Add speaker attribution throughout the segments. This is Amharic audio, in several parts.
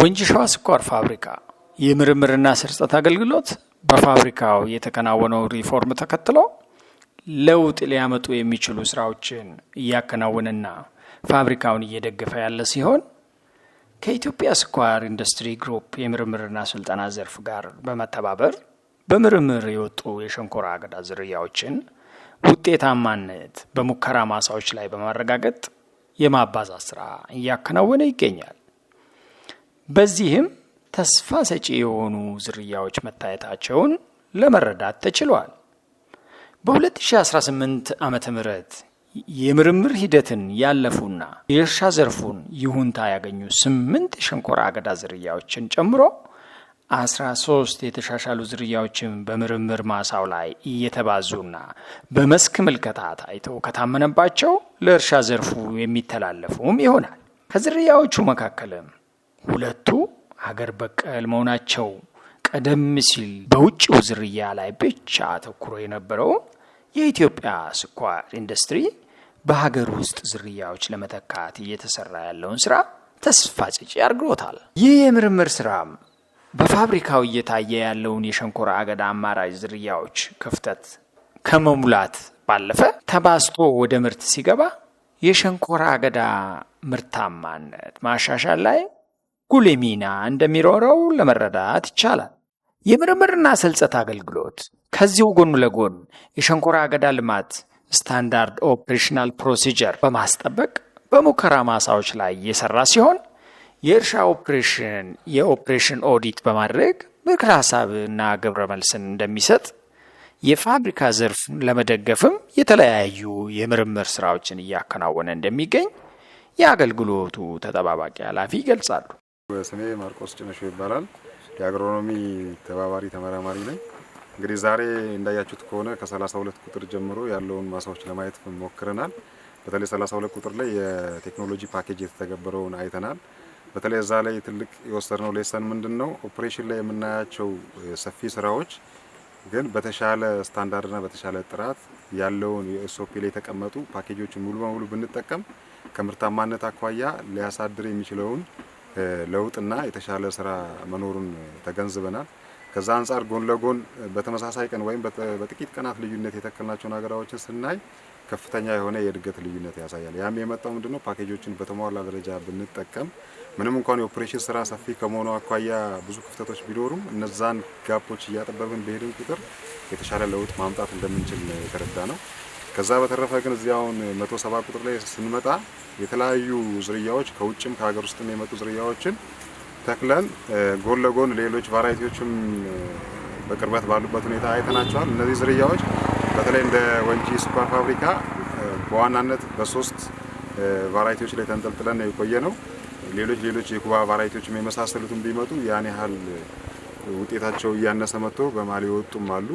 Speaker 1: ወንጂ ሸዋ ስኳር ፋብሪካ የምርምርና ስርጸት አገልግሎት በፋብሪካው የተከናወነው ሪፎርም ተከትሎ ለውጥ ሊያመጡ የሚችሉ ስራዎችን እያከናወነና ፋብሪካውን እየደገፈ ያለ ሲሆን ከኢትዮጵያ ስኳር ኢንዱስትሪ ግሩፕ የምርምርና ስልጠና ዘርፍ ጋር በመተባበር በምርምር የወጡ የሸንኮራ አገዳ ዝርያዎችን ውጤታማነት በሙከራ ማሳዎች ላይ በማረጋገጥ የማባዛት ስራ እያከናወነ ይገኛል። በዚህም ተስፋ ሰጪ የሆኑ ዝርያዎች መታየታቸውን ለመረዳት ተችሏል። በ2018 ዓ ም የምርምር ሂደትን ያለፉና የእርሻ ዘርፉን ይሁንታ ያገኙ ስምንት የሸንኮራ አገዳ ዝርያዎችን ጨምሮ 13 የተሻሻሉ ዝርያዎችን በምርምር ማሳው ላይ እየተባዙና በመስክ ምልከታ ታይቶ ከታመነባቸው ለእርሻ ዘርፉ የሚተላለፉም ይሆናል። ከዝርያዎቹ መካከልም ሁለቱ ሀገር በቀል መሆናቸው ቀደም ሲል በውጭው ዝርያ ላይ ብቻ አተኩሮ የነበረው የኢትዮጵያ ስኳር ኢንዱስትሪ በሀገር ውስጥ ዝርያዎች ለመተካት እየተሰራ ያለውን ስራ ተስፋ ሰጪ አድርግሮታል። ይህ የምርምር ስራም በፋብሪካው እየታየ ያለውን የሸንኮራ አገዳ አማራጭ ዝርያዎች ክፍተት ከመሙላት ባለፈ ተባስቶ ወደ ምርት ሲገባ የሸንኮራ አገዳ ምርታማነት ማሻሻል ላይ ጉልህ ሚና እንደሚኖረው ለመረዳት ይቻላል። የምርምርና ስልጸት አገልግሎት ከዚሁ ጎን ለጎን የሸንኮራ አገዳ ልማት ስታንዳርድ ኦፕሬሽናል ፕሮሲጀር በማስጠበቅ በሙከራ ማሳዎች ላይ እየሰራ ሲሆን የእርሻ ኦፕሬሽን የኦፕሬሽን ኦዲት በማድረግ ምክር ሀሳብና ግብረ መልስን እንደሚሰጥ የፋብሪካ ዘርፍ ለመደገፍም የተለያዩ የምርምር ስራዎችን እያከናወነ እንደሚገኝ የአገልግሎቱ ተጠባባቂ ኃላፊ ይገልጻሉ።
Speaker 2: በስሜ ማርቆስ ጭነሾ ይባላል። የአግሮኖሚ ተባባሪ ተመራማሪ ነኝ። እንግዲህ ዛሬ እንዳያችሁት ከሆነ ከ32 ቁጥር ጀምሮ ያለውን ማሳዎች ለማየት ሞክረናል። በተለይ 32 ቁጥር ላይ የቴክኖሎጂ ፓኬጅ የተተገበረውን አይተናል። በተለይ እዛ ላይ ትልቅ የወሰድነው ሌሰን ምንድን ነው? ኦፕሬሽን ላይ የምናያቸው ሰፊ ስራዎች ግን በተሻለ ስታንዳርድና በተሻለ ጥራት ያለውን የኤስኦፒ ላይ የተቀመጡ ፓኬጆችን ሙሉ በሙሉ ብንጠቀም ከምርታማነት አኳያ ሊያሳድር የሚችለውን ለውጥና የተሻለ ስራ መኖሩን ተገንዝበናል። ከዛ አንጻር ጎን ለጎን በተመሳሳይ ቀን ወይም በጥቂት ቀናት ልዩነት የተከልናቸውን ሀገራዎችን ስናይ ከፍተኛ የሆነ የእድገት ልዩነት ያሳያል። ያም የመጣው ምንድነው ፓኬጆችን በተሟላ ደረጃ ብንጠቀም ምንም እንኳን የኦፕሬሽን ስራ ሰፊ ከመሆኑ አኳያ ብዙ ክፍተቶች ቢኖሩም እነዛን ጋፖች እያጠበብን በሄድን ቁጥር የተሻለ ለውጥ ማምጣት እንደምንችል የተረዳ ነው። ከዛ በተረፈ ግን እዚያውን አሁን መቶ ሰባ ቁጥር ላይ ስንመጣ የተለያዩ ዝርያዎች ከውጭም ከሀገር ውስጥም የመጡ ዝርያዎችን ተክለን ጎን ለጎን ሌሎች ቫራይቲዎችም በቅርበት ባሉበት ሁኔታ አይተናቸዋል። እነዚህ ዝርያዎች በተለይ እንደ ወንጂ ስኳር ፋብሪካ በዋናነት በሶስት ቫራይቲዎች ላይ ተንጠልጥለን የቆየ ነው። ሌሎች ሌሎች የኩባ ቫራይቲዎችም የመሳሰሉትን ቢመጡ ያን ያህል ውጤታቸው እያነሰ መጥቶ በማሊ የወጡም አሉ፣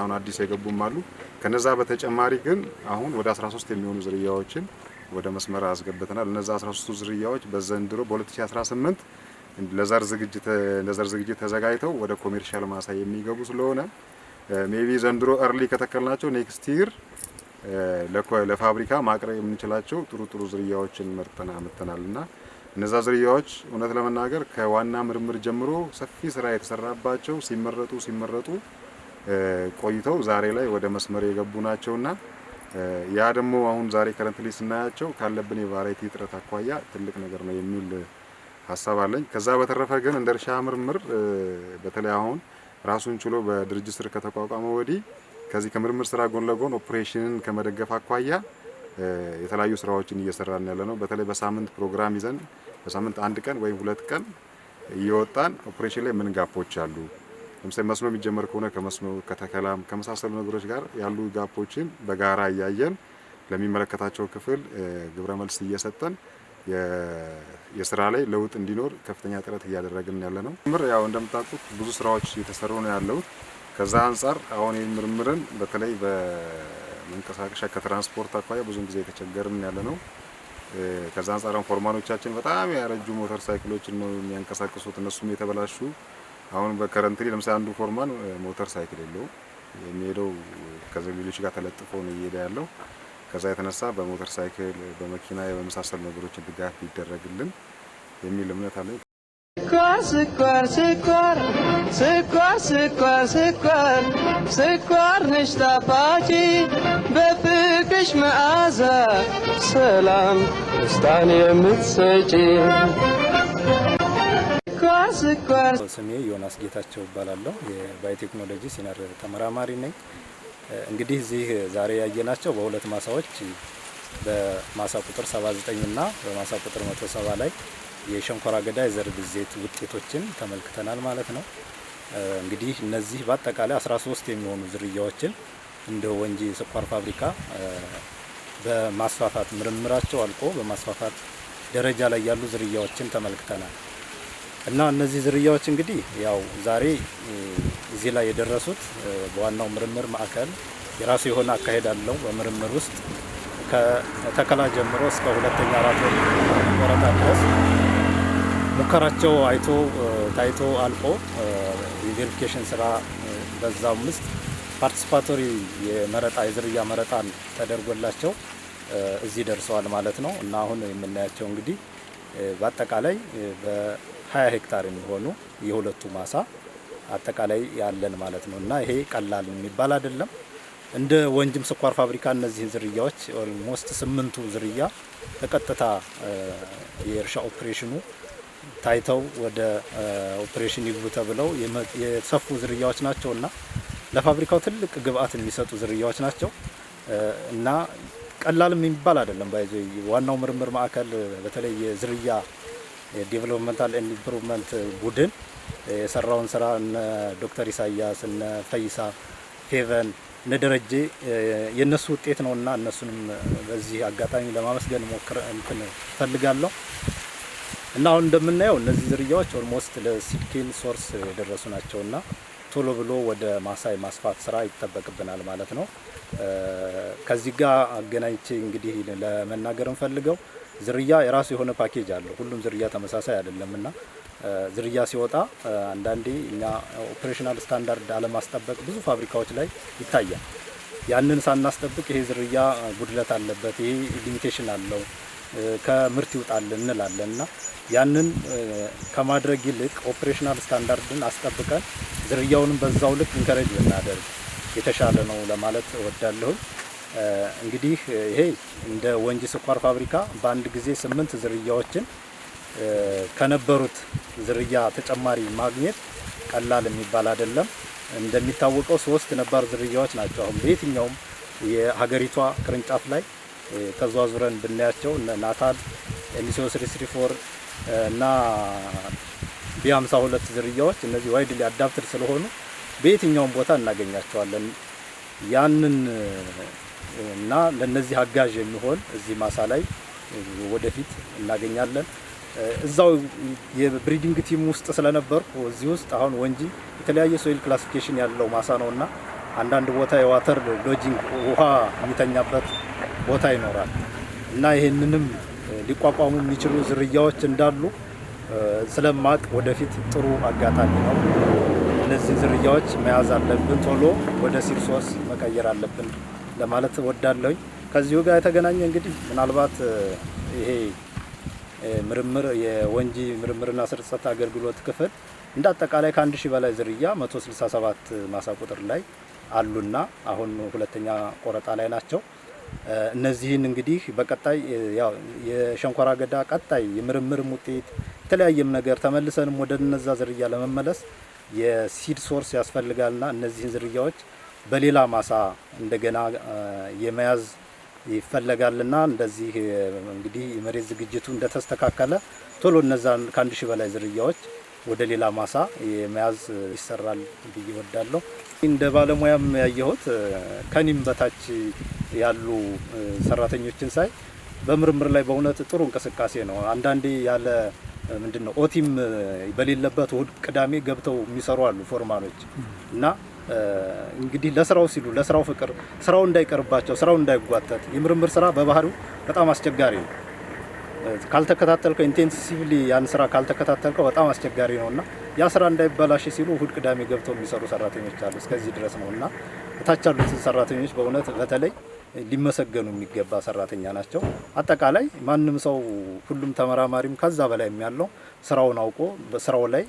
Speaker 2: አሁን አዲስ የገቡም አሉ። ከነዛ በተጨማሪ ግን አሁን ወደ 13 የሚሆኑ ዝርያዎችን ወደ መስመር አስገብተናል። እነዛ 13ቱ ዝርያዎች በዘንድሮ በ2018 ለዘር ዝግጅት ተዘጋጅተው ወደ ኮሜርሻል ማሳ የሚገቡ ስለሆነ ሜቢ ዘንድሮ እርሊ ከተከልናቸው ኔክስት ይር ለፋብሪካ ማቅረብ የምንችላቸው ጥሩ ጥሩ ዝርያዎችን መርጠና ምተናል እና እነዛ ዝርያዎች እውነት ለመናገር ከዋና ምርምር ጀምሮ ሰፊ ስራ የተሰራባቸው ሲመረጡ ሲመረጡ ቆይተው ዛሬ ላይ ወደ መስመር የገቡ ናቸውና ያ ደግሞ አሁን ዛሬ ከረንትሊ ስናያቸው ካለብን የቫራይቲ እጥረት አኳያ ትልቅ ነገር ነው የሚል ሀሳብ አለኝ። ከዛ በተረፈ ግን እንደ እርሻ ምርምር በተለይ አሁን ራሱን ችሎ በድርጅት ስር ከተቋቋመ ወዲህ ከዚህ ከምርምር ስራ ጎን ለጎን ኦፕሬሽንን ከመደገፍ አኳያ የተለያዩ ስራዎችን እየሰራን ያለ ነው። በተለይ በሳምንት ፕሮግራም ይዘን በሳምንት አንድ ቀን ወይም ሁለት ቀን እየወጣን ኦፕሬሽን ላይ ምን ጋፖች አሉ፣ ለምሳሌ መስኖ የሚጀመር ከሆነ ከመስኖ ከተከላም ከመሳሰሉ ነገሮች ጋር ያሉ ጋፖችን በጋራ እያየን ለሚመለከታቸው ክፍል ግብረ መልስ እየሰጠን የስራ ላይ ለውጥ እንዲኖር ከፍተኛ ጥረት እያደረግን ያለ ነው። ምር ያው እንደምታውቁት ብዙ ስራዎች እየተሰሩ ነው ያለውት። ከዛ አንጻር አሁን ይህ ምርምርን በተለይ በመንቀሳቀሻ ከትራንስፖርት አኳያ ብዙን ጊዜ የተቸገርን ያለ ነው። ከዛ አንጻራም ፎርማኖቻችን በጣም ያረጁ ሞተር ሳይክሎችን ነው የሚያንቀሳቅሱት። እነሱም የተበላሹ አሁን በከረንትሊ ለምሳሌ አንዱ ፎርማን ሞተር ሳይክል ያለው የሚሄደው ከዘግቢሎች ጋር ተለጥፎ ነው እየሄደ ያለው። ከዛ የተነሳ በሞተር ሳይክል በመኪና የመመሳሰሉ ነገሮችን ድጋፍ ይደረግልን የሚል እምነት አለ። ስኳር ስኳር ስኳር ስኳር ስኳር ስኳር ነሽ ጣፋጭ
Speaker 3: የልብሽ መዓዛ ሰላም ደስታን የምትሰጪ ስሜ ዮናስ ጌታቸው እባላለሁ። የባዮቴክኖሎጂ ሲነር ተመራማሪ ነኝ። እንግዲህ እዚህ ዛሬ ያየናቸው በሁለት ማሳዎች በማሳ ቁጥር 79 እና በማሳ ቁጥር 170 ላይ የሸንኮራ አገዳ የዘር ብዜት ውጤቶችን ተመልክተናል ማለት ነው። እንግዲህ እነዚህ በአጠቃላይ 13 የሚሆኑ ዝርያዎችን እንደ ወንጂ ስኳር ፋብሪካ በማስፋፋት ምርምራቸው አልቆ በማስፋፋት ደረጃ ላይ ያሉ ዝርያዎችን ተመልክተናል እና እነዚህ ዝርያዎች እንግዲህ ያው ዛሬ እዚህ ላይ የደረሱት በዋናው ምርምር ማዕከል የራሱ የሆነ አካሄድ አለው። በምርምር ውስጥ ከተከላ ጀምሮ እስከ ሁለተኛ አራት ወረታ ድረስ ሙከራቸው አይቶ ታይቶ አልቆ የቬሪፊኬሽን ስራ በዛም ውስጥ ፓርቲሲፓቶሪ የመረጣ የዝርያ መረጣን ተደርጎላቸው እዚህ ደርሰዋል ማለት ነው እና አሁን የምናያቸው እንግዲህ በአጠቃላይ በ20 ሄክታር የሚሆኑ የሁለቱ ማሳ አጠቃላይ ያለን ማለት ነው እና ይሄ ቀላል የሚባል አይደለም። እንደ ወንጅም ስኳር ፋብሪካ እነዚህን ዝርያዎች ኦልሞስት ስምንቱ ዝርያ በቀጥታ የእርሻ ኦፕሬሽኑ ታይተው ወደ ኦፕሬሽን ይግቡ ተብለው የሰፉ ዝርያዎች ናቸውና ለፋብሪካው ትልቅ ግብአት የሚሰጡ ዝርያዎች ናቸው እና ቀላልም የሚባል አይደለም። ባይዘ ዋናው ምርምር ማዕከል በተለይ የዝርያ ዴቨሎፕመንታል ኢምፕሩቭመንት ቡድን የሰራውን ስራ እነ ዶክተር ኢሳያስ እነ ፈይሳ ፌቨን እነ ደረጀ የእነሱ ውጤት ነው እና እነሱንም በዚህ አጋጣሚ ለማመስገን ሞክር እንትን ፈልጋለሁ እና አሁን እንደምናየው እነዚህ ዝርያዎች ኦልሞስት ለሲድኬን ሶርስ የደረሱ ናቸው እና ቶሎ ብሎ ወደ ማሳ የማስፋት ስራ ይጠበቅብናል ማለት ነው። ከዚህ ጋር አገናኝቼ እንግዲህ ለመናገር እንፈልገው ዝርያ የራሱ የሆነ ፓኬጅ አለው። ሁሉም ዝርያ ተመሳሳይ አይደለም እና ዝርያ ሲወጣ አንዳንዴ እኛ ኦፕሬሽናል ስታንዳርድ አለማስጠበቅ ብዙ ፋብሪካዎች ላይ ይታያል። ያንን ሳናስጠብቅ ይሄ ዝርያ ጉድለት አለበት፣ ይሄ ሊሚቴሽን አለው ከምርት ይውጣል እንላለን እና ያንን ከማድረግ ይልቅ ኦፕሬሽናል ስታንዳርድን አስጠብቀን ዝርያውንም በዛው ልክ እንከረጅ ብናደርግ የተሻለ ነው ለማለት እወዳለሁኝ። እንግዲህ ይሄ እንደ ወንጂ ስኳር ፋብሪካ በአንድ ጊዜ ስምንት ዝርያዎችን ከነበሩት ዝርያ ተጨማሪ ማግኘት ቀላል የሚባል አይደለም። እንደሚታወቀው ሶስት ነባር ዝርያዎች ናቸው አሁን በየትኛውም የሀገሪቷ ቅርንጫፍ ላይ ተዟዙረን ብናያቸው ናታል ኤሚሲዮ ስሪስሪ እና ቢ52 ዝርያዎች እነዚህ ዋይድሊ አዳፕትድ ስለሆኑ በየትኛውም ቦታ እናገኛቸዋለን። ያንን እና ለነዚህ አጋዥ የሚሆን እዚህ ማሳ ላይ ወደፊት እናገኛለን። እዛው የብሪዲንግ ቲም ውስጥ ስለነበርኩ እዚህ ውስጥ አሁን ወንጂ የተለያየ ሶይል ክላሲፊኬሽን ያለው ማሳ ነው እና አንዳንድ ቦታ የዋተር ሎጂንግ ውሃ የሚተኛበት ቦታ ይኖራል እና ይህንንም ሊቋቋሙ የሚችሉ ዝርያዎች እንዳሉ ስለማቅ ወደፊት ጥሩ አጋጣሚ ነው። እነዚህ ዝርያዎች መያዝ አለብን፣ ቶሎ ወደ ሲርሶስ መቀየር አለብን ለማለት ወዳለሁኝ። ከዚሁ ጋር የተገናኘ እንግዲህ ምናልባት ይሄ ምርምር የወንጂ ምርምርና ስርጸት አገልግሎት ክፍል እንደ አጠቃላይ ከአንድ ሺህ በላይ ዝርያ 167 ማሳ ቁጥር ላይ አሉና አሁን ሁለተኛ ቆረጣ ላይ ናቸው። እነዚህን እንግዲህ በቀጣይ ያው የሸንኮራ አገዳ ቀጣይ የምርምርም ውጤት የተለያየም ነገር ተመልሰንም ወደ እነዛ ዝርያ ለመመለስ የሲድ ሶርስ ያስፈልጋልና እነዚህን ዝርያዎች በሌላ ማሳ እንደገና የመያዝ ይፈለጋልና እንደዚህ እንግዲህ የመሬት ዝግጅቱ እንደተስተካከለ ቶሎ እነዛን ከአንድ ሺህ በላይ ዝርያዎች ወደ ሌላ ማሳ የመያዝ ይሰራል ብዬ እወዳለሁ። እንደ ባለሙያም ያየሁት ከኔም በታች ያሉ ሰራተኞችን ሳይ በምርምር ላይ በእውነት ጥሩ እንቅስቃሴ ነው። አንዳንዴ ያለ ምንድነው ኦቲም በሌለበት እሁድ፣ ቅዳሜ ገብተው የሚሰሩ አሉ ፎርማኖች እና እንግዲህ ለስራው ሲሉ ለስራው ፍቅር ስራው እንዳይቀርባቸው ስራው እንዳይጓተት የምርምር ስራ በባህሪው በጣም አስቸጋሪ ነው። ካልተከታተልከው ኢንቴንሲቭሊ ያን ስራ ካልተከታተልከው በጣም አስቸጋሪ ነው እና ያ ስራ እንዳይበላሽ ሲሉ እሁድ፣ ቅዳሜ ገብተው የሚሰሩ ሰራተኞች አሉ። እስከዚህ ድረስ ነው እና እታች ያሉትን ሰራተኞች በእውነት በተለይ ሊመሰገኑ የሚገባ ሰራተኛ ናቸው። አጠቃላይ ማንም ሰው ሁሉም ተመራማሪም ከዛ በላይ ያለው ስራውን አውቆ በስራው ላይ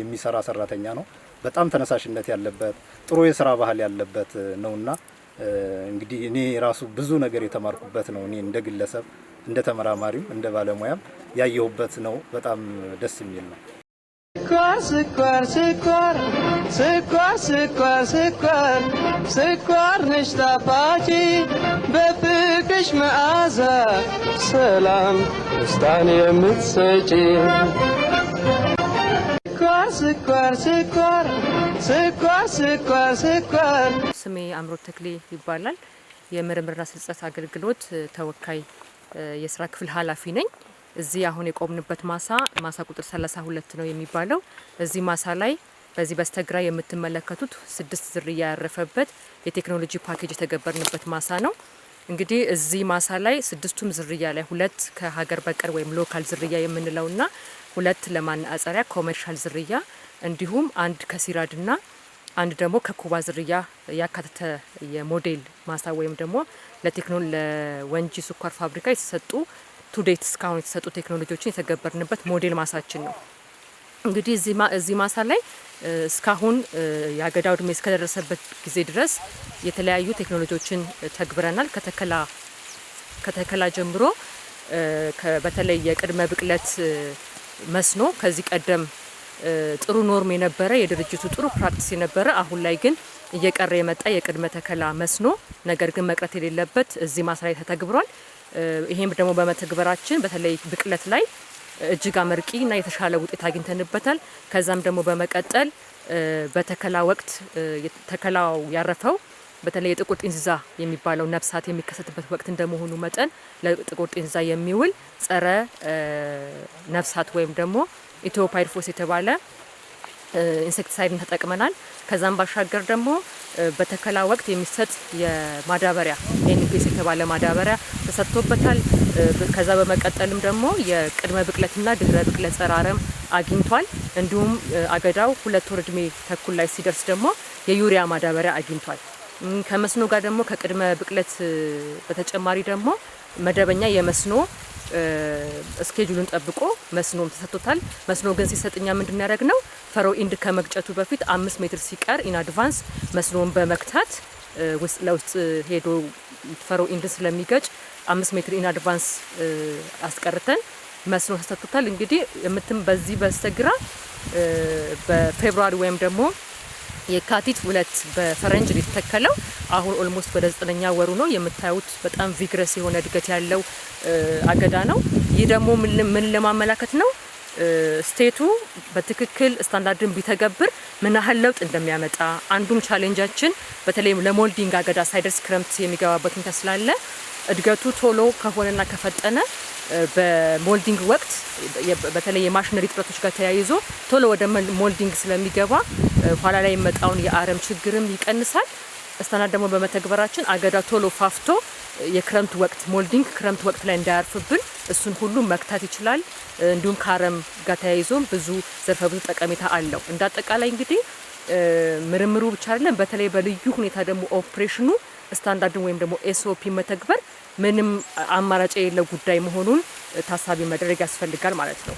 Speaker 3: የሚሰራ ሰራተኛ ነው። በጣም ተነሳሽነት ያለበት ጥሩ የስራ ባህል ያለበት ነውና እንግዲህ እኔ ራሱ ብዙ ነገር የተማርኩበት ነው። እኔ እንደ ግለሰብ፣ እንደ ተመራማሪም፣ እንደ ባለሙያም ያየሁበት ነው። በጣም ደስ የሚል ነው። ስኳር ስኳር ስኳር ስኳር ስኳር ስኳር ስኳር ነሽ ጣፋጭ በፍቅሽ መዓዛ
Speaker 4: ሰላም ደስታን የምትሰጪ ስኳር ስኳር ስኳር ስኳር ስኳር። ስሜ አምሮት ተክሌ ይባላል። የምርምርና ስርጸት አገልግሎት ተወካይ የስራ ክፍል ኃላፊ ነኝ። እዚህ አሁን የቆምንበት ማሳ ማሳ ቁጥር 32 ነው የሚባለው። እዚህ ማሳ ላይ በዚህ በስተግራ የምትመለከቱት ስድስት ዝርያ ያረፈበት የቴክኖሎጂ ፓኬጅ የተገበርንበት ማሳ ነው። እንግዲህ እዚህ ማሳ ላይ ስድስቱም ዝርያ ላይ ሁለት ከሀገር በቀል ወይም ሎካል ዝርያ የምንለውና ሁለት ለማነጻጸሪያ ኮመርሻል ዝርያ እንዲሁም አንድ ከሲራድና አንድ ደግሞ ከኩባ ዝርያ ያካተተ የሞዴል ማሳ ወይም ደግሞ ለቴክኖ ለወንጂ ስኳር ፋብሪካ የተሰጡ ቱዴት እስካሁን የተሰጡ ቴክኖሎጂዎችን የተገበርንበት ሞዴል ማሳችን ነው። እንግዲህ እዚህ ማሳ ላይ እስካሁን የአገዳ እድሜ እስከደረሰበት ጊዜ ድረስ የተለያዩ ቴክኖሎጂዎችን ተግብረናል። ከተከላ ከተከላ ጀምሮ በተለይ የቅድመ ብቅለት መስኖ ከዚህ ቀደም ጥሩ ኖርም የነበረ የድርጅቱ ጥሩ ፕራክቲስ የነበረ አሁን ላይ ግን እየቀረ የመጣ የቅድመ ተከላ መስኖ ነገር ግን መቅረት የሌለበት እዚህ ማሳ ላይ ተተግብሯል። ይሄም ደግሞ በመተግበራችን በተለይ ብቅለት ላይ እጅግ አመርቂ እና የተሻለ ውጤት አግኝተንበታል። ከዛም ደግሞ በመቀጠል በተከላ ወቅት ተከላው ያረፈው በተለይ የጥቁር ጢንዛ የሚባለው ነፍሳት የሚከሰትበት ወቅት እንደመሆኑ መጠን ለጥቁር ጢንዛ የሚውል ጸረ ነፍሳት ወይም ደግሞ ኢትዮፓይድፎስ የተባለ ኢንሴክቲሳይድን ተጠቅመናል። ከዛም ባሻገር ደግሞ በተከላ ወቅት የሚሰጥ የማዳበሪያ ኤንፒስ የተባለ ማዳበሪያ ተሰጥቶበታል። ከዛ በመቀጠልም ደግሞ የቅድመ ብቅለትና ድህረ ብቅለት ጸረ አረም አግኝቷል። እንዲሁም አገዳው ሁለት ወር እድሜ ተኩል ላይ ሲደርስ ደግሞ የዩሪያ ማዳበሪያ አግኝቷል። ከመስኖ ጋር ደግሞ ከቅድመ ብቅለት በተጨማሪ ደግሞ መደበኛ የመስኖ እስኬጁሉን ጠብቆ መስኖም ተሰጥቶታል። መስኖ ግን ሲሰጥኛ ምንድን ያደረግ ነው ፈሮ ኢንድ ከመግጨቱ በፊት አምስት ሜትር ሲቀር ኢን አድቫንስ መስኖን በመክታት ውስጥ ለውስጥ ሄዶ ፈሮ ኢንድ ስለሚገጭ አምስት ሜትር ኢን አድቫንስ አስቀርተን መስኖ ተሰጥቶታል። እንግዲህ የምትም በዚህ በስተግራ በፌብሩዋሪ ወይም ደግሞ የካቲት ሁለት በፈረንጅ የተተከለው አሁን ኦልሞስት ወደ ዘጠነኛ ወሩ ነው። የምታዩት በጣም ቪግረስ የሆነ እድገት ያለው አገዳ ነው። ይህ ደግሞ ምን ለማመላከት ነው? ስቴቱ በትክክል ስታንዳርድን ቢተገብር ምን ያህል ለውጥ እንደሚያመጣ አንዱም ቻሌንጃችን በተለይም ለሞልዲንግ አገዳ ሳይደርስ ክረምት የሚገባበት ሁኔታ ስላለ እድገቱ ቶሎ ከሆነና ከፈጠነ በሞልዲንግ ወቅት በተለይ የማሽነሪ እጥረቶች ጋር ተያይዞ ቶሎ ወደ ሞልዲንግ ስለሚገባ ኋላ ላይ የመጣውን የአረም ችግርም ይቀንሳል። እስተናት ደግሞ በመተግበራችን አገዳ ቶሎ ፋፍቶ የክረምት ወቅት ሞልዲንግ ክረምት ወቅት ላይ እንዳያርፍብን እሱን ሁሉ መክታት ይችላል። እንዲሁም ከአረም ጋር ተያይዞም ብዙ ዘርፈ ብዙ ጠቀሜታ አለው። እንደ አጠቃላይ እንግዲህ ምርምሩ ብቻ አይደለም፣ በተለይ በልዩ ሁኔታ ደግሞ ኦፕሬሽኑ ስታንዳርድን ወይም ደግሞ ኤስኦፒ መተግበር ምንም አማራጭ የለ ጉዳይ መሆኑን ታሳቢ መደረግ ያስፈልጋል ማለት ነው።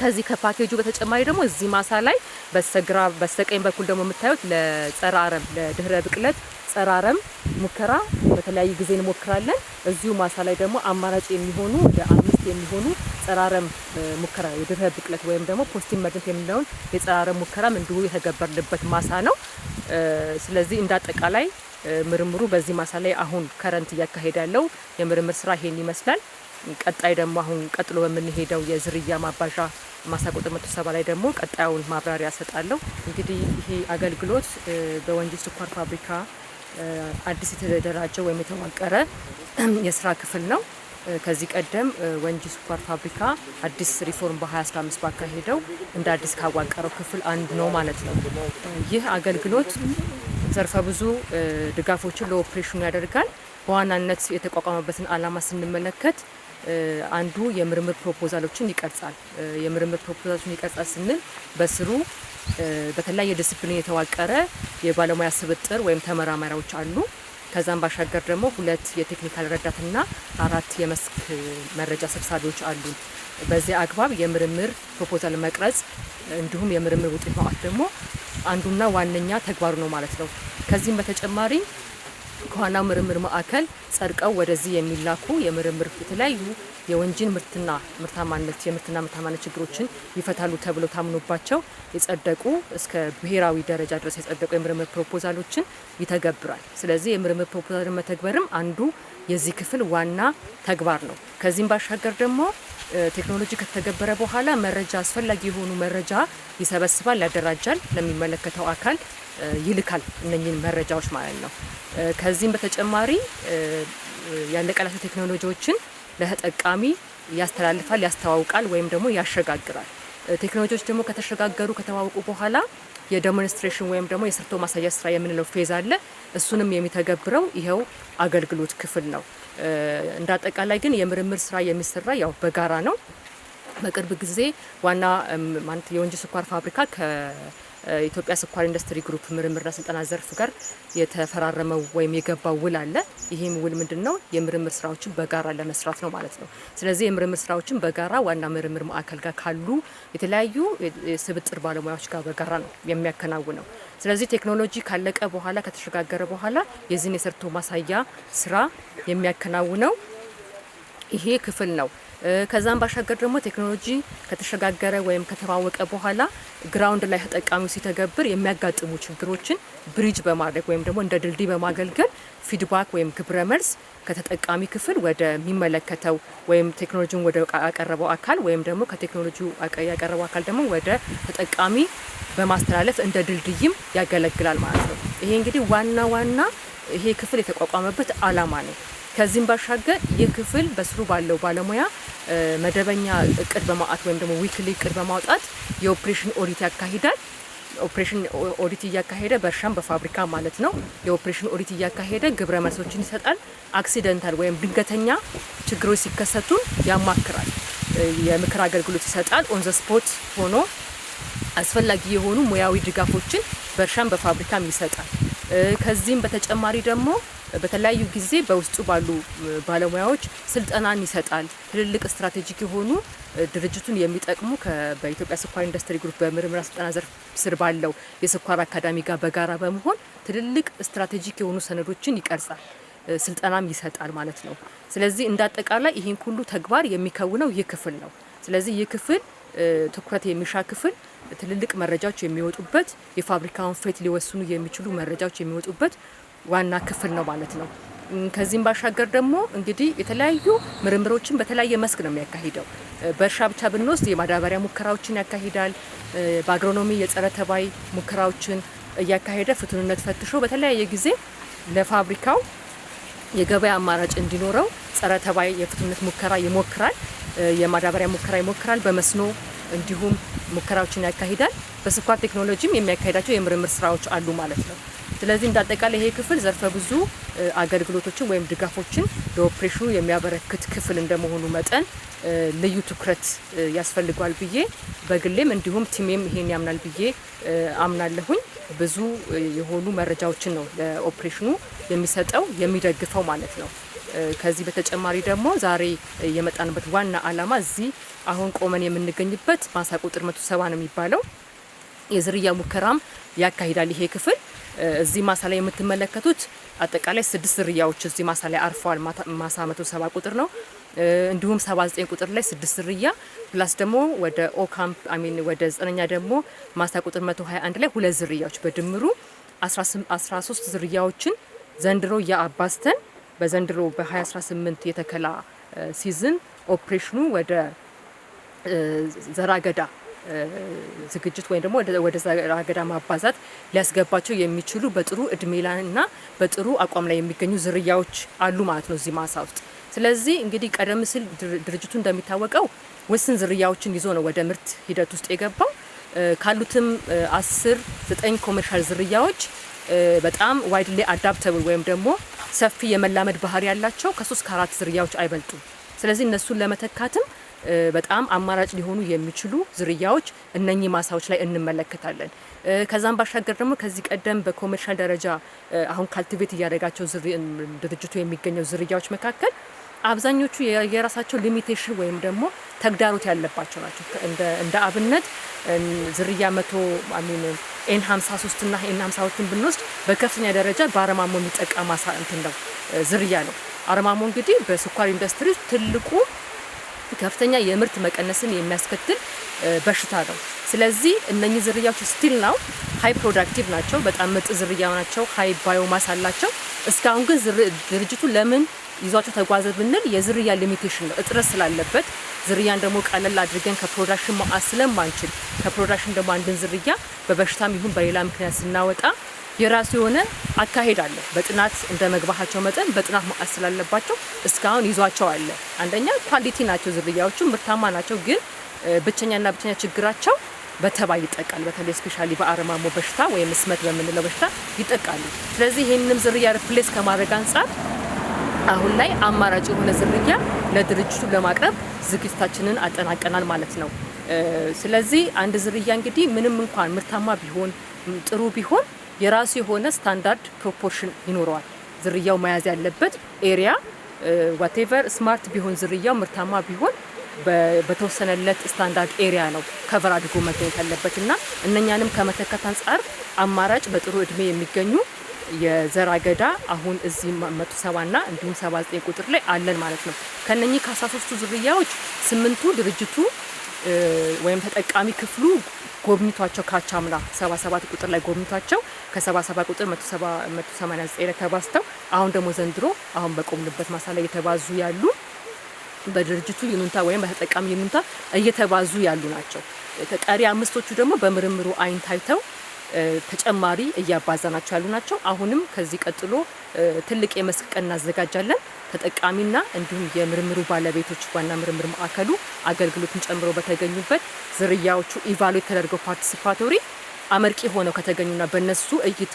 Speaker 4: ከዚህ ከፓኬጁ በተጨማሪ ደግሞ እዚህ ማሳ ላይ በስተግራ በስተቀኝ በኩል ደግሞ የምታዩት ለጸረ አረም ለድህረ ብቅለት ጸረ አረም ሙከራ በተለያዩ ጊዜ እንሞክራለን። እዚሁ ማሳ ላይ ደግሞ አማራጭ የሚሆኑ ወደ አምስት የሚሆኑ ጸረ አረም ሙከራ የድህረ ብቅለት ወይም ደግሞ ፖስት ኢመርጀንት የምንለውን የጸረ አረም ሙከራም እንዲሁ የተገበርንበት ማሳ ነው። ስለዚህ እንዳጠቃላይ ምርምሩ በዚህ ማሳ ላይ አሁን ከረንት እያካሄደ ያለው የምርምር ስራ ይሄን ይመስላል። ቀጣይ ደግሞ አሁን ቀጥሎ በምንሄደው የዝርያ ማባዣ ማሳ ቁጥር መቶ ሰባ ላይ ደግሞ ቀጣዩን ማብራሪያ ሰጣለሁ። እንግዲህ ይሄ አገልግሎት በወንጂ ስኳር ፋብሪካ አዲስ የተደራጀ ወይም የተዋቀረ የስራ ክፍል ነው። ከዚህ ቀደም ወንጂ ስኳር ፋብሪካ አዲስ ሪፎርም በ2015 ባካሄደው እንደ አዲስ ካዋቀረው ክፍል አንድ ነው ማለት ነው። ይህ አገልግሎት ዘርፈ ብዙ ድጋፎችን ለኦፕሬሽኑ ያደርጋል። በዋናነት የተቋቋመበትን ዓላማ ስንመለከት አንዱ የምርምር ፕሮፖዛሎችን ይቀርጻል። የምርምር ፕሮፖዛሎችን ይቀርጻል ስንል በስሩ በተለያየ ዲስፕሊን የተዋቀረ የባለሙያ ስብጥር ወይም ተመራማሪዎች አሉ። ከዛም ባሻገር ደግሞ ሁለት የቴክኒካል ረዳትና አራት የመስክ መረጃ ሰብሳቢዎች አሉ። በዚህ አግባብ የምርምር ፕሮፖዛል መቅረጽ እንዲሁም የምርምር ውጤት ማውጣት ደግሞ አንዱና ዋነኛ ተግባሩ ነው ማለት ነው። ከዚህም በተጨማሪ ከዋናው ምርምር ማዕከል ጸድቀው ወደዚህ የሚላኩ የምርምር የተለያዩ የወንጂን ምርትና ምርታማነት የምርትና ምርታማነት ችግሮችን ይፈታሉ ተብሎ ታምኖባቸው የጸደቁ እስከ ብሔራዊ ደረጃ ድረስ የጸደቁ የምርምር ፕሮፖዛሎችን ይተገብራል። ስለዚህ የምርምር ፕሮፖዛልን መተግበርም አንዱ የዚህ ክፍል ዋና ተግባር ነው። ከዚህም ባሻገር ደግሞ ቴክኖሎጂ ከተገበረ በኋላ መረጃ አስፈላጊ የሆኑ መረጃ ይሰበስባል፣ ያደራጃል፣ ለሚመለከተው አካል ይልካል። እነኝን መረጃዎች ማለት ነው። ከዚህም በተጨማሪ ያለቀላቸው ቴክኖሎጂዎችን ለተጠቃሚ ያስተላልፋል፣ ያስተዋውቃል ወይም ደግሞ ያሸጋግራል። ቴክኖሎጂዎች ደግሞ ከተሸጋገሩ ከተዋወቁ በኋላ የዴሞንስትሬሽን ወይም ደግሞ የሰርቶ ማሳያ ስራ የምንለው ፌዝ አለ። እሱንም የሚተገብረው ይኸው አገልግሎት ክፍል ነው። እንደ አጠቃላይ ግን የምርምር ስራ የሚሰራ ያው በጋራ ነው። በቅርብ ጊዜ ዋና ማለት የወንጂ ስኳር ፋብሪካ ኢትዮጵያ ስኳር ኢንዱስትሪ ግሩፕ ምርምርና ስልጠና ዘርፍ ጋር የተፈራረመው ወይም የገባው ውል አለ። ይህም ውል ምንድን ነው? የምርምር ስራዎችን በጋራ ለመስራት ነው ማለት ነው። ስለዚህ የምርምር ስራዎችን በጋራ ዋና ምርምር ማዕከል ጋር ካሉ የተለያዩ ስብጥር ባለሙያዎች ጋር በጋራ ነው የሚያከናውነው። ስለዚህ ቴክኖሎጂ ካለቀ በኋላ ከተሸጋገረ በኋላ የዚህን የሰርቶ ማሳያ ስራ የሚያከናውነው ይሄ ክፍል ነው። ከዛም ባሻገር ደግሞ ቴክኖሎጂ ከተሸጋገረ ወይም ከተዋወቀ በኋላ ግራውንድ ላይ ተጠቃሚው ሲተገብር የሚያጋጥሙ ችግሮችን ብሪጅ በማድረግ ወይም ደግሞ እንደ ድልድይ በማገልገል ፊድባክ ወይም ግብረ መልስ ከተጠቃሚ ክፍል ወደሚመለከተው ወይም ቴክኖሎጂን ወደ ያቀረበው አካል ወይም ደግሞ ከቴክኖሎጂ ያቀረበው አካል ደግሞ ወደ ተጠቃሚ በማስተላለፍ እንደ ድልድይም ያገለግላል ማለት ነው። ይሄ እንግዲህ ዋና ዋና ይሄ ክፍል የተቋቋመበት አላማ ነው። ከዚህም ባሻገር ይህ ክፍል በስሩ ባለው ባለሙያ መደበኛ እቅድ በማውጣት ወይም ደግሞ ዊክሊ እቅድ በማውጣት የኦፕሬሽን ኦዲት ያካሂዳል። ኦፕሬሽን ኦዲት እያካሄደ በእርሻም በፋብሪካ ማለት ነው። የኦፕሬሽን ኦዲት እያካሄደ ግብረ መልሶችን ይሰጣል። አክሲደንታል ወይም ድንገተኛ ችግሮች ሲከሰቱን ያማክራል። የምክር አገልግሎት ይሰጣል። ኦን ዘ ስፖት ሆኖ አስፈላጊ የሆኑ ሙያዊ ድጋፎችን በእርሻም በፋብሪካም ይሰጣል። ከዚህም በተጨማሪ ደግሞ በተለያዩ ጊዜ በውስጡ ባሉ ባለሙያዎች ስልጠናን ይሰጣል። ትልልቅ ስትራቴጂክ የሆኑ ድርጅቱን የሚጠቅሙ በኢትዮጵያ ስኳር ኢንዱስትሪ ግሩፕ በምርምር ስልጠና ዘርፍ ስር ባለው የስኳር አካዳሚ ጋር በጋራ በመሆን ትልልቅ ስትራቴጂክ የሆኑ ሰነዶችን ይቀርጻል፣ ስልጠናም ይሰጣል ማለት ነው። ስለዚህ እንዳጠቃላይ ይህን ሁሉ ተግባር የሚከውነው ይህ ክፍል ነው። ስለዚህ ይህ ክፍል ትኩረት የሚሻ ክፍል ትልልቅ መረጃዎች የሚወጡበት የፋብሪካውን ፌት ሊወስኑ የሚችሉ መረጃዎች የሚወጡበት ዋና ክፍል ነው ማለት ነው። ከዚህም ባሻገር ደግሞ እንግዲህ የተለያዩ ምርምሮችን በተለያየ መስክ ነው የሚያካሂደው። በእርሻ ብቻ ብንወስድ የማዳበሪያ ሙከራዎችን ያካሂዳል። በአግሮኖሚ የጸረ ተባይ ሙከራዎችን እያካሄደ ፍቱንነት ፈትሾ በተለያየ ጊዜ ለፋብሪካው የገበያ አማራጭ እንዲኖረው ጸረ ተባይ የፍቱንነት ሙከራ ይሞክራል። የማዳበሪያ ሙከራ ይሞክራል። በመስኖ እንዲሁም ሙከራዎችን ያካሂዳል። በስኳር ቴክኖሎጂም የሚያካሂዳቸው የምርምር ስራዎች አሉ ማለት ነው። ስለዚህ እንዳጠቃላይ ይሄ ክፍል ዘርፈ ብዙ አገልግሎቶችን ወይም ድጋፎችን ለኦፕሬሽኑ የሚያበረክት ክፍል እንደመሆኑ መጠን ልዩ ትኩረት ያስፈልገዋል ብዬ በግሌም እንዲሁም ቲሜም ይሄን ያምናል ብዬ አምናለሁኝ። ብዙ የሆኑ መረጃዎችን ነው ለኦፕሬሽኑ የሚሰጠው የሚደግፈው ማለት ነው። ከዚህ በተጨማሪ ደግሞ ዛሬ የመጣንበት ዋና ዓላማ እዚህ አሁን ቆመን የምንገኝበት ማሳ ቁጥር መቶ ሰባ ነው የሚባለው የዝርያ ሙከራም ያካሂዳል ይሄ ክፍል። እዚህ ማሳ ላይ የምትመለከቱት አጠቃላይ ስድስት ዝርያዎች እዚህ ማሳ ላይ አርፈዋል። ማሳ መቶ ሰባ ቁጥር ነው። እንዲሁም 79 ቁጥር ላይ ስድስት ዝርያ ፕላስ ደግሞ ወደ ኦካምፕ አሚን ወደ ዘጠነኛ ደግሞ ማሳ ቁጥር 121 ላይ ሁለት ዝርያዎች በድምሩ 13 ዝርያዎችን ዘንድሮ ያአባዝተን በዘንድሮ በ2018 የተከላ ሲዝን ኦፕሬሽኑ ወደ ዘራገዳ ዝግጅት ወይም ደግሞ ወደ ዘራገዳ ማባዛት ሊያስገባቸው የሚችሉ በጥሩ እድሜ ላይ እና በጥሩ አቋም ላይ የሚገኙ ዝርያዎች አሉ ማለት ነው እዚህ ማሳ ውስጥ። ስለዚህ እንግዲህ ቀደም ሲል ድርጅቱ እንደሚታወቀው ውስን ዝርያዎችን ይዞ ነው ወደ ምርት ሂደት ውስጥ የገባው። ካሉትም አስር ዘጠኝ ኮመርሻል ዝርያዎች በጣም ዋይድሊ አዳፕተብል ወይም ደግሞ ሰፊ የመላመድ ባህሪ ያላቸው ከሶስት ከአራት ዝርያዎች አይበልጡም። ስለዚህ እነሱን ለመተካትም በጣም አማራጭ ሊሆኑ የሚችሉ ዝርያዎች እነኚህ ማሳዎች ላይ እንመለከታለን። ከዛም ባሻገር ደግሞ ከዚህ ቀደም በኮሜርሻል ደረጃ አሁን ካልቲቬት እያደረጋቸው ድርጅቱ የሚገኘው ዝርያዎች መካከል አብዛኞቹ የራሳቸው ሊሚቴሽን ወይም ደግሞ ተግዳሮት ያለባቸው ናቸው። እንደ አብነት ዝርያ መቶ ሚን ኤን 53 እና ኤን 52 ብንወስድ በከፍተኛ ደረጃ በአረማሞ የሚጠቃ ማሳ እንትን ነው ዝርያ ነው። አረማሞ እንግዲህ በስኳር ኢንዱስትሪ ውስጥ ትልቁ ከፍተኛ የምርት መቀነስን የሚያስከትል በሽታ ነው። ስለዚህ እነኚህ ዝርያዎች ስቲል ነው ሀይ ፕሮዳክቲቭ ናቸው፣ በጣም ምርጥ ዝርያ ናቸው፣ ሀይ ባዮማስ አላቸው። እስካሁን ግን ድርጅቱ ለምን ይዟቸው ተጓዘ ብንል የዝርያ ሊሚቴሽን ነው፣ እጥረት ስላለበት ዝርያን ደግሞ ቀለል አድርገን ከፕሮዳክሽን ማውጣት ስለማንችል ከፕሮዳክሽን ደግሞ አንድን ዝርያ በበሽታም ይሁን በሌላ ምክንያት ስናወጣ የራሱ የሆነ አካሄድ አለ። በጥናት እንደ መግባታቸው መጠን በጥናት ማውጣት ስላለባቸው እስካሁን ይዟቸው አለ። አንደኛ ኳሊቲ ናቸው፣ ዝርያዎቹ ምርታማ ናቸው። ግን ብቸኛና ብቸኛ ችግራቸው በተባይ ይጠቃል። በተለይ ስፔሻሊ በአረማሞ በሽታ ወይም ስመት በምንለው በሽታ ይጠቃሉ። ስለዚህ ይህንንም ዝርያ ሪፕሌስ ከማድረግ አንጻር አሁን ላይ አማራጭ የሆነ ዝርያ ለድርጅቱ ለማቅረብ ዝግጅታችንን አጠናቀናል ማለት ነው። ስለዚህ አንድ ዝርያ እንግዲህ ምንም እንኳን ምርታማ ቢሆን ጥሩ ቢሆን የራሱ የሆነ ስታንዳርድ ፕሮፖርሽን ይኖረዋል። ዝርያው መያዝ ያለበት ኤሪያ ዋቴቨር ስማርት ቢሆን ዝርያው ምርታማ ቢሆን በተወሰነለት ስታንዳርድ ኤሪያ ነው ከቨር አድርጎ መገኘት ያለበት እና እነኛንም ከመተከት አንጻር አማራጭ በጥሩ እድሜ የሚገኙ የዘር አገዳ አሁን እዚህ መቶ ሰባና እንዲሁም ሰባ ዘጠኝ ቁጥር ላይ አለን ማለት ነው። ከነኚህ ከአስራ ዝርያዎች ስምንቱ ድርጅቱ ወይም ተጠቃሚ ክፍሉ ጎብኝቷቸው ካቻምና 77 ቁጥር ላይ ጎብኝቷቸው ከ77 ቁጥር 189 ላይ ተባዝተው አሁን ደግሞ ዘንድሮ አሁን በቆምንበት ማሳ ላይ እየተባዙ ያሉ በድርጅቱ ይኑንታ ወይም በተጠቃሚ ይኑንታ እየተባዙ ያሉ ናቸው። ቀሪ አምስቶቹ ደግሞ በምርምሩ አይን ታይተው ተጨማሪ እያባዛናቸው ያሉ ናቸው። አሁንም ከዚህ ቀጥሎ ትልቅ የመስክ ቀን እናዘጋጃለን። ተጠቃሚና እንዲሁም የምርምሩ ባለቤቶች ዋና ምርምር ማዕከሉ አገልግሎትን ጨምሮ በተገኙበት ዝርያዎቹ ኢቫሉዌት ተደርገው ፓርቲሲፓቶሪ አመርቂ ሆነው ከተገኙና በነሱ እይታ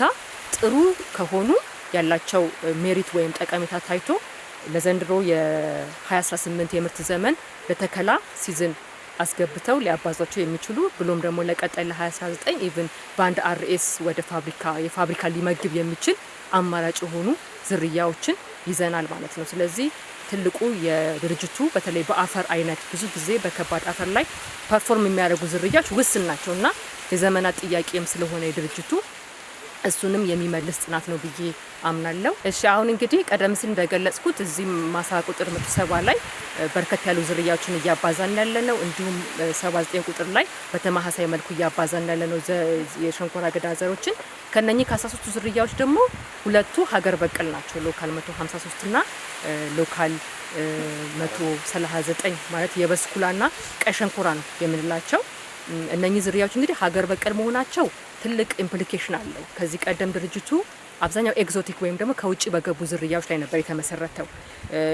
Speaker 4: ጥሩ ከሆኑ ያላቸው ሜሪት ወይም ጠቀሜታ ታይቶ ለዘንድሮ የ2018 የምርት ዘመን ለተከላ ሲዝን አስገብተው ሊያባዟቸው የሚችሉ ብሎም ደግሞ ለቀጣይ ለ2019 ኢቭን በአንድ አርኤስ ወደ ፋብሪካ የፋብሪካ ሊመግብ የሚችል አማራጭ የሆኑ ዝርያዎችን ይዘናል ማለት ነው። ስለዚህ ትልቁ የድርጅቱ በተለይ በአፈር አይነት ብዙ ጊዜ በከባድ አፈር ላይ ፐርፎርም የሚያደርጉ ዝርያዎች ውስን ናቸው እና የዘመናት ጥያቄም ስለሆነ የድርጅቱ እሱንም የሚመልስ ጥናት ነው ብዬ አምናለሁ። እሺ አሁን እንግዲህ ቀደም ሲል እንደገለጽኩት እዚህም ማሳ ቁጥር መቶ ሰባ ላይ በርከት ያሉ ዝርያዎችን እያባዛን ያለ ነው። እንዲሁም ሰባ ዘጠኝ ቁጥር ላይ በተመሳሳይ መልኩ እያባዛን ያለ ነው የሸንኮራ አገዳ ዘሮችን። ከነኚህ ከአስራ ሶስቱ ዝርያዎች ደግሞ ሁለቱ ሀገር በቀል ናቸው ሎካል መቶ ሀምሳ ሶስት ና ሎካል መቶ ሰላሳ ዘጠኝ ማለት የበስኩላ ና ቀይ ሸንኮራ ነው የምንላቸው እነኚህ ዝርያዎች እንግዲህ ሀገር በቀል መሆናቸው ትልቅ ኢምፕሊኬሽን አለው። ከዚህ ቀደም ድርጅቱ አብዛኛው ኤግዞቲክ ወይም ደግሞ ከውጭ በገቡ ዝርያዎች ላይ ነበር የተመሰረተው።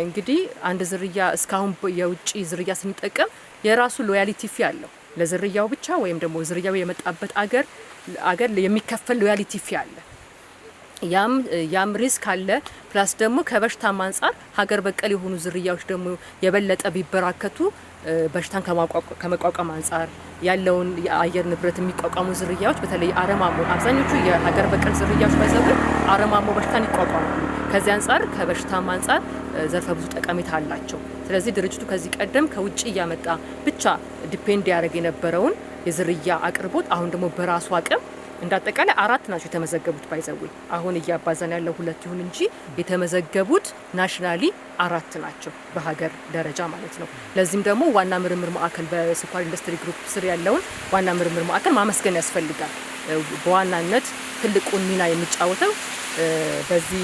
Speaker 4: እንግዲህ አንድ ዝርያ እስካሁን የውጭ ዝርያ ስንጠቀም የራሱ ሎያሊቲ ፊ አለው ለዝርያው ብቻ ወይም ደግሞ ዝርያው የመጣበት አገር አገር የሚከፈል ሎያሊቲ ፊ አለ። ያም ያም ሪስክ አለ። ፕላስ ደግሞ ከበሽታም አንጻር ሀገር በቀል የሆኑ ዝርያዎች ደግሞ የበለጠ ቢበራከቱ በሽታን ከመቋቋም አንጻር ያለውን የአየር ንብረት የሚቋቋሙ ዝርያዎች በተለይ አረማሞ፣ አብዛኞቹ የሀገር በቀል ዝርያዎች ባይዘው አረማሞ በሽታን ይቋቋማሉ። ከዚህ አንጻር ከበሽታም አንጻር ዘርፈ ብዙ ጠቀሜታ አላቸው። ስለዚህ ድርጅቱ ከዚህ ቀደም ከውጭ እያመጣ ብቻ ዲፔንድ ያደረግ የነበረውን የዝርያ አቅርቦት አሁን ደግሞ በራሱ አቅም እንዳጠቃላይ አራት ናቸው የተመዘገቡት። ባይዘዌ አሁን እያባዛን ያለው ሁለት ይሁን እንጂ የተመዘገቡት ናሽናሊ አራት ናቸው በሀገር ደረጃ ማለት ነው። ለዚህም ደግሞ ዋና ምርምር ማዕከል በስኳር ኢንዱስትሪ ግሩፕ ስር ያለውን ዋና ምርምር ማዕከል ማመስገን ያስፈልጋል። በዋናነት ትልቁን ሚና የሚጫወተው በዚህ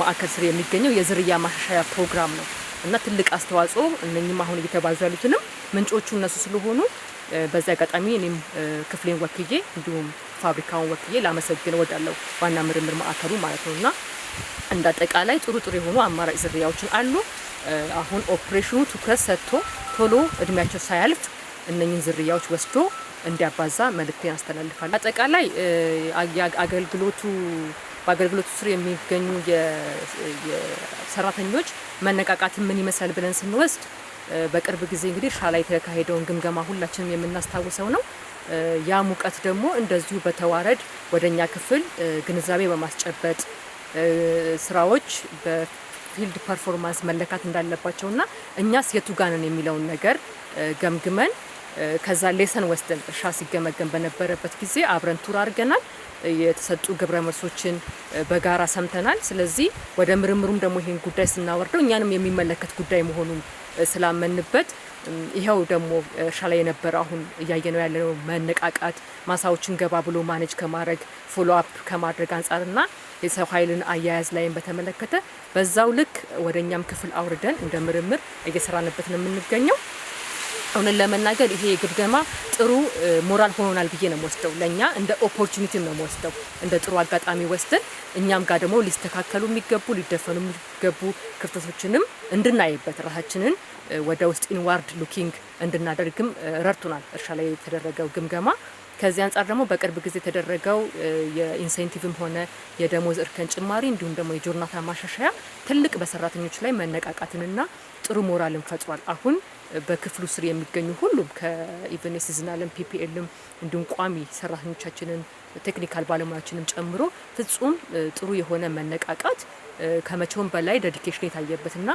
Speaker 4: ማዕከል ስር የሚገኘው የዝርያ ማሻሻያ ፕሮግራም ነው እና ትልቅ አስተዋጽኦ እነኝም አሁን እየተባዙ ያሉትንም ምንጮቹ እነሱ ስለሆኑ በዚህ አጋጣሚ እኔም ክፍሌን ወክዬ እንዲሁም ፋብሪካውን ወክዬ ላመሰግን እወዳለሁ። ዋና ምርምር ማዕከሉ ማለት ነው እና እንደ አጠቃላይ ጥሩ ጥሩ የሆኑ አማራጭ ዝርያዎችን አሉ። አሁን ኦፕሬሽኑ ትኩረት ሰጥቶ ቶሎ እድሜያቸው ሳያልፍ እነኝን ዝርያዎች ወስዶ እንዲያባዛ መልእክቴን አስተላልፋለሁ። አጠቃላይ አገልግሎቱ በአገልግሎቱ ስር የሚገኙ ሰራተኞች መነቃቃትን ምን ይመስላል ብለን ስንወስድ በቅርብ ጊዜ እንግዲህ እርሻ ላይ የተካሄደውን ግምገማ ሁላችንም የምናስታውሰው ነው። ያ ሙቀት ደግሞ እንደዚሁ በተዋረድ ወደኛ ክፍል ግንዛቤ በማስጨበጥ ስራዎች በፊልድ ፐርፎርማንስ መለካት እንዳለባቸውና እኛ ሴቱ ጋንን የሚለውን ነገር ገምግመን ከዛ ሌሰን ወስደን እርሻ ሲገመገም በነበረበት ጊዜ አብረን ቱር አድርገናል። የተሰጡ ግብረ መልሶችን በጋራ ሰምተናል። ስለዚህ ወደ ምርምሩም ደግሞ ይህን ጉዳይ ስናወርደው እኛንም የሚመለከት ጉዳይ መሆኑን ስላመንበት ይኸው ደግሞ እርሻ ላይ የነበረ አሁን እያየነው ያለነው መነቃቃት ማሳዎችን ገባ ብሎ ማኔጅ ከማድረግ ፎሎ አፕ ከማድረግ አንጻርና የሰው ኃይልን አያያዝ ላይም በተመለከተ በዛው ልክ ወደ እኛም ክፍል አውርደን እንደ ምርምር እየሰራንበት ነው የምንገኘው። እውነት ለመናገር ይሄ ግምገማ ጥሩ ሞራል ሆኖናል ብዬ ነው ወስደው፣ ለእኛ እንደ ኦፖርቹኒቲ ነው ወስደው፣ እንደ ጥሩ አጋጣሚ ወስደን እኛም ጋር ደግሞ ሊስተካከሉ የሚገቡ ሊደፈኑ የሚገቡ ክፍተቶችንም እንድናይበት ራሳችንን ወደ ውስጥ ኢንዋርድ ሉኪንግ እንድናደርግም ረድቶናል እርሻ ላይ የተደረገው ግምገማ። ከዚህ አንጻር ደግሞ በቅርብ ጊዜ የተደረገው የኢንሴንቲቭም ሆነ የደሞዝ እርከን ጭማሪ እንዲሁም ደግሞ የጆርናታ ማሻሻያ ትልቅ በሰራተኞች ላይ መነቃቃትንና ጥሩ ሞራልን ፈጥሯል። አሁን በክፍሉ ስር የሚገኙ ሁሉም ከኢቨን ሲዝናልም ፒፒኤልም እንዲሁም ቋሚ ሰራተኞቻችንን ቴክኒካል ባለሙያችንም ጨምሮ ፍጹም ጥሩ የሆነ መነቃቃት ከመቼውም በላይ ዴዲኬሽን የታየበትና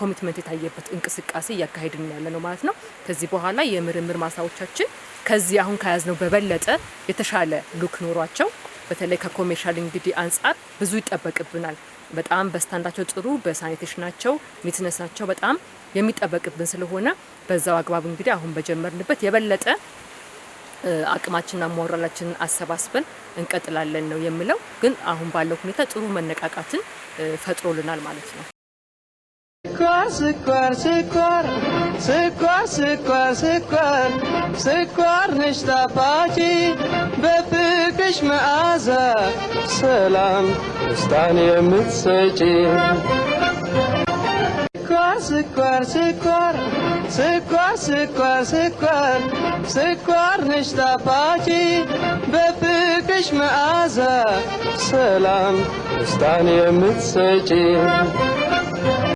Speaker 4: ኮሚትመንት የታየበት እንቅስቃሴ እያካሄድን ያለ ነው ማለት ነው። ከዚህ በኋላ የምርምር ማሳዎቻችን ከዚህ አሁን ከያዝነው በበለጠ የተሻለ ሉክ ኖሯቸው በተለይ ከኮሜርሻል እንግዲህ አንጻር ብዙ ይጠበቅብናል። በጣም በስታንዳቸው ጥሩ በሳኒቴሽናቸው ኒትነሳቸው በጣም የሚጠበቅብን ስለሆነ በዛው አግባብ እንግዲህ አሁን በጀመርንበት የበለጠ አቅማችንና ሞራላችንን አሰባስበን እንቀጥላለን ነው የምለው። ግን አሁን ባለው ሁኔታ ጥሩ መነቃቃትን ፈጥሮልናል ማለት ነው። ስኳር ስኳር ስኳር ስኳር ስኳር ስኳር ነሽ ጣፋጭ በፍቅሽ መዓዛ ሰላም ደስታን የምትሰጪ ስኳር ስኳር ስኳር ስኳር ስኳር ስኳር ነሽ ጣፋጭ በፍቅሽ መዓዛ ሰላም ደስታን የምትሰጪ